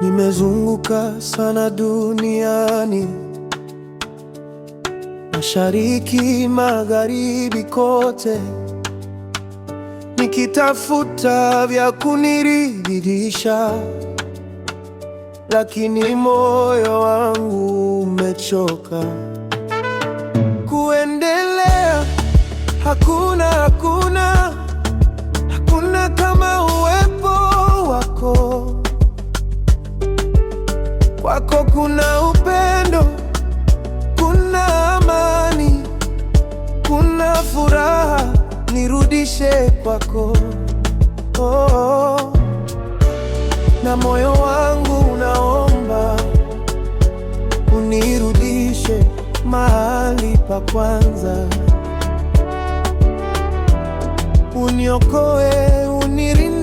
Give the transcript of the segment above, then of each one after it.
Nimezunguka sana duniani, mashariki, magharibi, kote nikitafuta vya kuniridhisha, lakini moyo wangu umechoka kuendelea. Hakuna, hakuna nirudishe kwako oh, oh. Na moyo wangu unaomba unirudishe mahali pa kwanza, uniokoe unirinde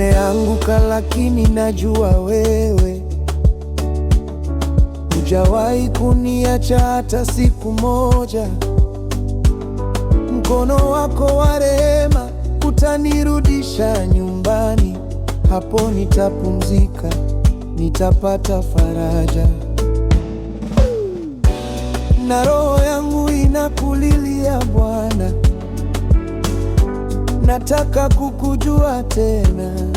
Nimeanguka lakini najua wewe hujawahi kuniacha hata siku moja. Mkono wako wa rehema utanirudisha nyumbani, hapo nitapumzika, nitapata faraja, na roho yangu inakulilia Bwana nataka kukujua tena.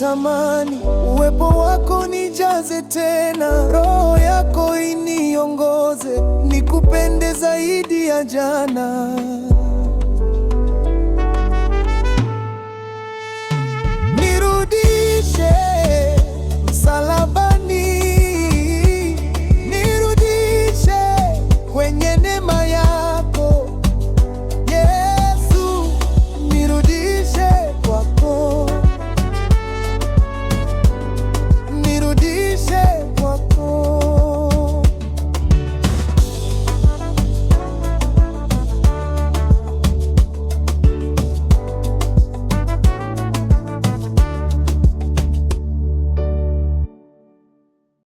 natamani uwepo wako nijaze tena, roho yako iniongoze, nikupende zaidi ya jana.